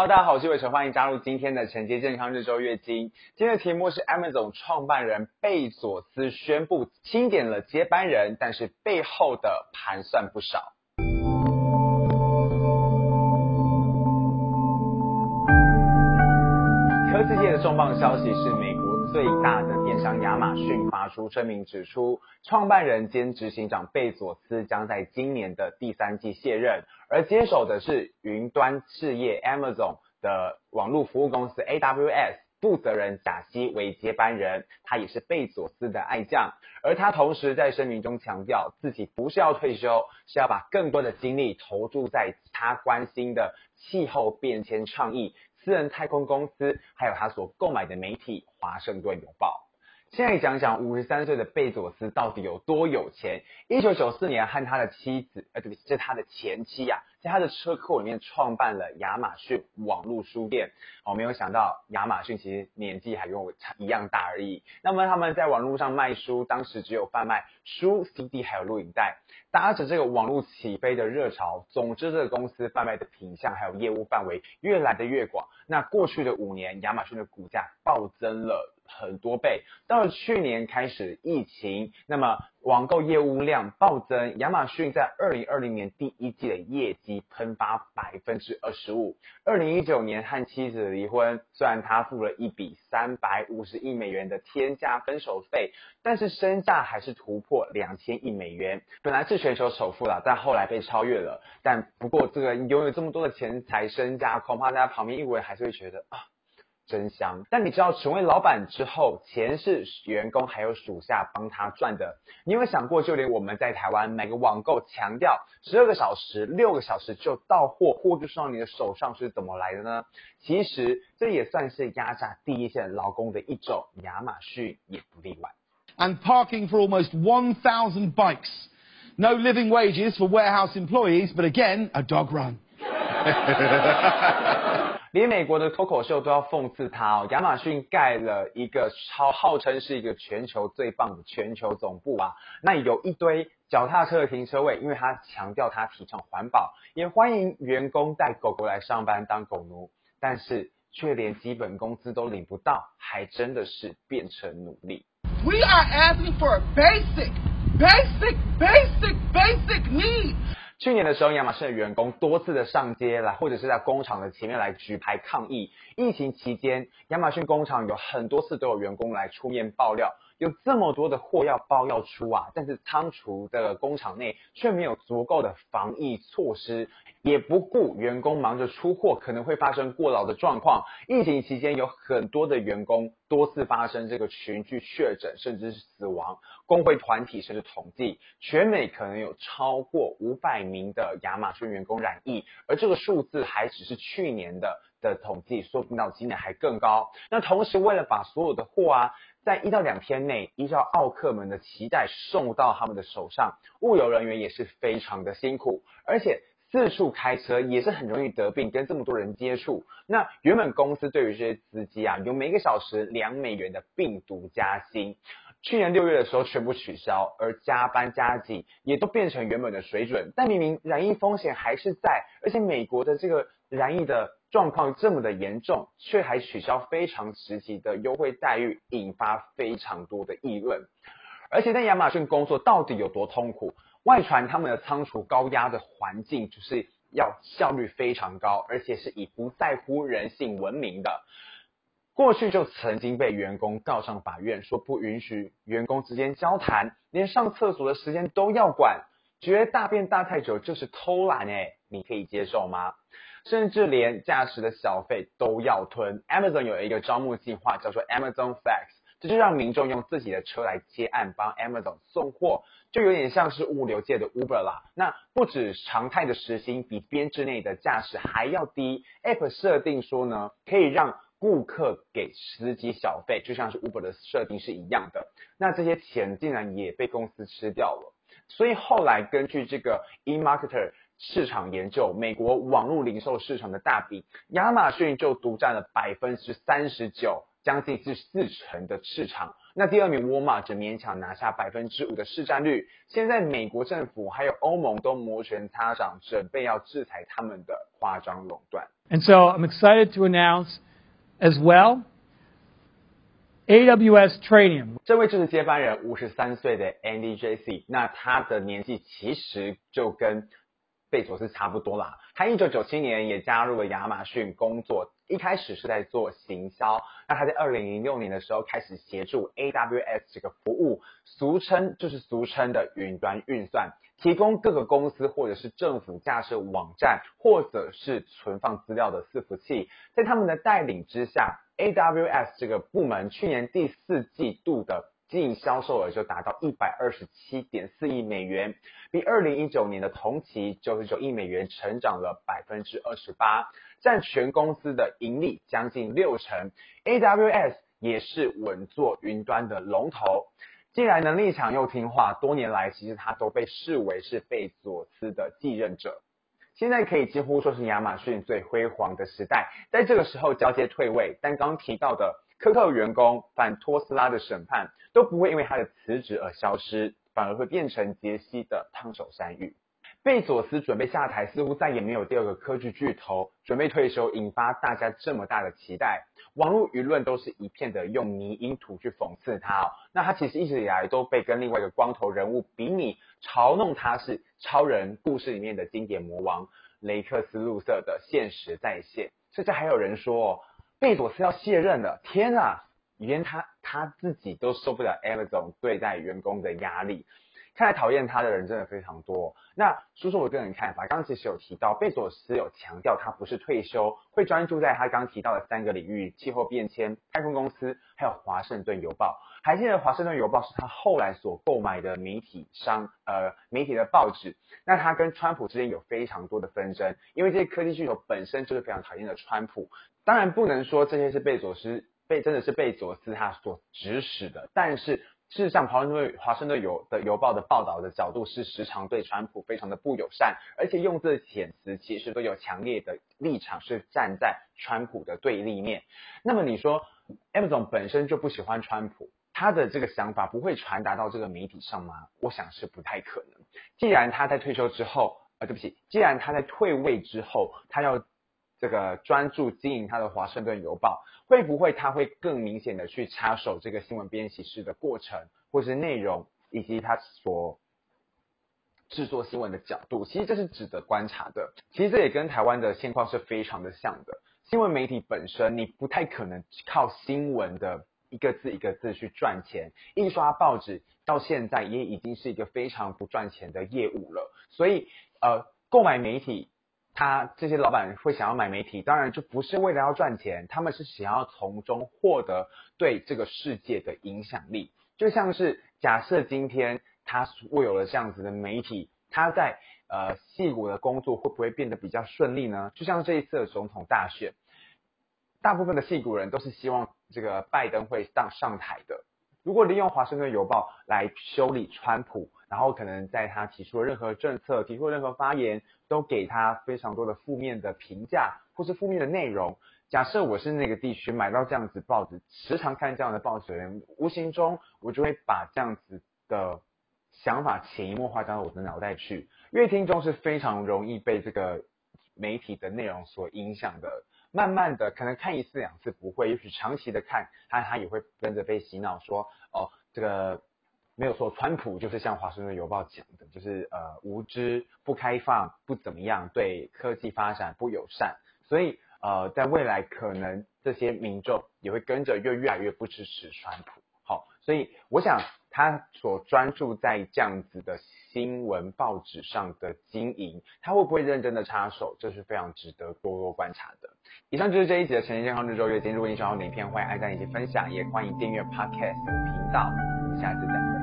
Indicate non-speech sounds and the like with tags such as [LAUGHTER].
Hello，大家好，我是魏晨，歡迎加入今天的晨潔健康日周月經。今天的題目是 Amazon 創辦人貝佐斯宣布清點了接班人，但是背後的盤算不少。科技界的重磅消息是美國。最大的電商亞馬遜發出聲明指出，創辦人兼執行長貝佐斯將在今年的第三季卸任，而接手的是雲端事業 Amazon 的網絡服務公司 AWS，負責人賈西為接班人，他也是貝佐斯的愛將。而他同時在聲明中強調，自己不是要退休，是要把更多的精力投注在他關心的氣候變遷倡議。私人太空公司，還有他所購買的媒體《華盛頓郵報》。現在講講五十三歲的貝佐斯到底有多有錢。一九九四年，和他的妻子，呃對，不對，對，就是他的前妻呀，啊，在他的車庫裡面創辦了亞馬遜網絡書店。哦，沒有想到亞馬遜其實年紀還跟我差一樣大而已。那麼他們在網絡上賣書，當時只有販賣書、CD 還有錄影帶。搭着這個網絡起飛的熱潮，總之這個公司販賣的品項還有業務範圍越來的越廣。那過去的五年，亞馬遜的股價暴增了。很多倍。到了去年開始疫情，那麼網購業務量暴增，亞馬遜在二零二零年第一季的業績噴發百分之二十五。二零一九年和妻子離婚，雖然他付了一筆三百五十億美元的天價分手費，但是身價還是突破兩千億美元，本來是全球首富了，但後來被超越了。但不過，這個人擁有這麼多的錢財身價，恐怕大家旁邊一圍還是會覺得啊。真香！但你知道，成為老闆之後，錢是員工還有屬下幫他賺的。你有沒有想過，就連我們在台灣買個網購，強調十二個小時、六個小時就到貨，貨就送到你的手上，是怎麼來的呢？其實這也算是壓榨第一線勞工的一種，亞馬遜也不例外。And parking for almost one thousand bikes, no living wages for warehouse employees, but again, a dog run. [LAUGHS] 連美國的脫口秀都要諷刺他哦！亞馬遜蓋了一個超號稱是一個全球最棒的全球總部啊，那有一堆腳踏車的停車位，因為他強調他提倡環保，也歡迎員工帶狗狗來上班當狗奴，但是卻連基本工資都領不到，還真的是變成奴隸。We are asking for 去年的時候，亞馬遜的員工多次的上街來，或者是在工廠的前面來舉牌抗議。疫情期間，亞馬遜工廠有很多次都有員工來出面爆料。有這麼多的貨要包要出啊，但是倉儲的工廠內卻沒有足夠的防疫措施，也不顧員工忙着出貨，可能會發生過勞的狀況。疫情期間有很多的員工多次發生這個群聚確診，甚至是死亡。工會團體甚至統計，全美可能有超過五百名的亞馬遜員工染疫，而這個數字還只是去年的。的統計說不定到今年還更高。那同時為了把所有的貨啊，在一到兩天內，依照奧客們的期待送到他們的手上，物流人員也是非常的辛苦，而且四處開車也是很容易得病，跟這麼多人接觸。那原本公司對於這些司機啊，有每個小時兩美元的病毒加薪，去年六月的時候全部取消，而加班加薪也都變成原本的水準。但明明染疫風險還是在，而且美國的這個染疫的。狀況這麼的嚴重，卻還取消非常積極的優惠待遇，引發非常多的議論。而且在亞馬遜工作到底有多痛苦？外傳他們的倉儲高壓的環境，就是要效率非常高，而且是以不在乎人性聞名的。過去就曾經被員工告上法院，說不允許員工之間交談，連上廁所的時間都要管，覺得大便大太久就是偷懶哎，你可以接受嗎？甚至連駕駛的小費都要吞。Amazon 有一個招募計劃，叫做 Amazon Flex，這就是讓民眾用自己的車來接案幫 Amazon 送貨，就有點像是物流界的 Uber 啦。那不止常態的時薪比編制內的駕駛還要低，App 設定說呢，可以讓顧客給司機小費，就像是 Uber 的設定是一樣的。那這些錢竟然也被公司吃掉了。所以後來根據這個 eMarketer，.市場研究，美國網絡零售市場的大餅，亞馬遜就獨占了百分之三十九，將近是四成的市場。那第二名沃爾瑪只勉強拿下百分之五的市占率。現在美國政府還有歐盟都摩拳擦掌，準備要制裁他們的誇張壟斷。And so I'm excited to announce, as well, AWS Trainium a。這位就是接班人，五十三歲的 Andy Jassy。那他的年紀其實就跟。貝佐斯差不多啦，他一九九七年也加入了亞馬遜工作，一開始是在做行銷，那他在二零零六年的時候開始協助 AWS 這個服務，俗稱就是俗稱的雲端運算，提供各個公司或者是政府架設網站，或者是存放資料的伺服器。在他們的帶領之下，AWS 這個部門去年第四季度的。淨銷售額就達到一百二十七點四億美元，比二零一九年的同期九十九億美元成長了百分之二十八，占全公司的盈利將近六成。AWS 也是穩坐雲端的龍頭，既然能力強又聽話，多年來其實他都被視為是貝佐斯的繼任者。現在可以幾乎說是亞馬遜最輝煌的時代，在這個時候交接退位，但剛剛提到的，科扣員工、反托斯拉的審判都不會因為他的辭職而消失，反而會變成傑西的燙手山芋。貝佐斯準備下台，似乎再也沒有第二個科技巨頭準備退休，引發大家這麼大的期待。網絡輿論都是一片的用迷因圖去諷刺他、哦。那他其實一直以來都被跟另外一個光頭人物比擬嘲弄，他是超人故事裡面的經典魔王雷克斯·路瑟的現實再現。甚至還有人說、哦。貝佐斯要卸任了，天啊！連他他自己都受不了 Amazon 對待員工的壓力。看來討厭他的人真的非常多。那叔叔我個人看法，剛剛其實有提到，貝佐斯有強調他不是退休，會專注在他剛提到的三個領域：氣候變遷、太空公司，還有華盛頓郵報。還記得華盛頓郵報是他後來所購買的媒體商，呃，媒體的報紙。那他跟川普之間有非常多的紛爭，因為這些科技巨頭本身就是非常討厭的川普。當然不能說這些是貝佐斯被真的是貝佐斯他所指使的，但是。事實上，華盛頓華盛頓郵的郵報的報道的角度是時常對川普非常的不友善，而且用字遣詞其實都有強烈的立場，是站在川普的對立面。那麼你說，M 總本身就不喜歡川普，他的這個想法不會傳達到這個媒體上嗎？我想是不太可能。既然他在退休之後，啊、呃，對不起，既然他在退位之後，他要。這個專注經營他的《華盛頓郵報》，會不會他會更明顯的去插手這個新聞編輯室的過程，或是內容，以及他所制作新聞的角度？其實這是值得觀察的。其實這也跟台灣的現況是非常的像的。新聞媒體本身，你不太可能靠新聞的一個字一個字去賺錢。印刷報紙到現在也已經是一個非常不賺錢的業務了。所以，呃，購買媒體。他這些老闆會想要買媒體，當然就不是為了要賺錢，他們是想要從中獲得對這個世界的影響力。就像是假設今天他擁有了這樣子的媒體，他在呃矽谷的工作會不會變得比較順利呢？就像這一次的總統大選，大部分的矽谷人都是希望這個拜登會上上台的。如果利用《華盛頓郵報》來修理川普，然後可能在他提出的任何政策、提出的任何發言，都給他非常多的負面的評價或是負面的內容。假設我是那個地區買到這樣子報紙，時常看這樣的報紙的人，無形中我就會把這樣子的想法潛移默化到我的腦袋去。因為聽眾是非常容易被這個媒體的內容所影響的。慢慢的，可能看一次兩次不會，也許長期的看，他他也會跟着被洗腦說，說哦，這個沒有錯，川普就是像華盛頓郵報講的，就是呃無知、不開放、不怎麼樣，對科技發展不友善，所以呃，在未來可能這些民眾也會跟着越越來越不支持川普。好、哦，所以我想。他所專注在這樣子的新聞報紙上的經營，他會不會認真的插手，這是非常值得多多觀察的。以上就是這一集的《晨間健康日週月精》，今天如果你喜歡我的影片，歡迎按讚以及分享，也歡迎訂閱 Podcast 頻道。我們下次再。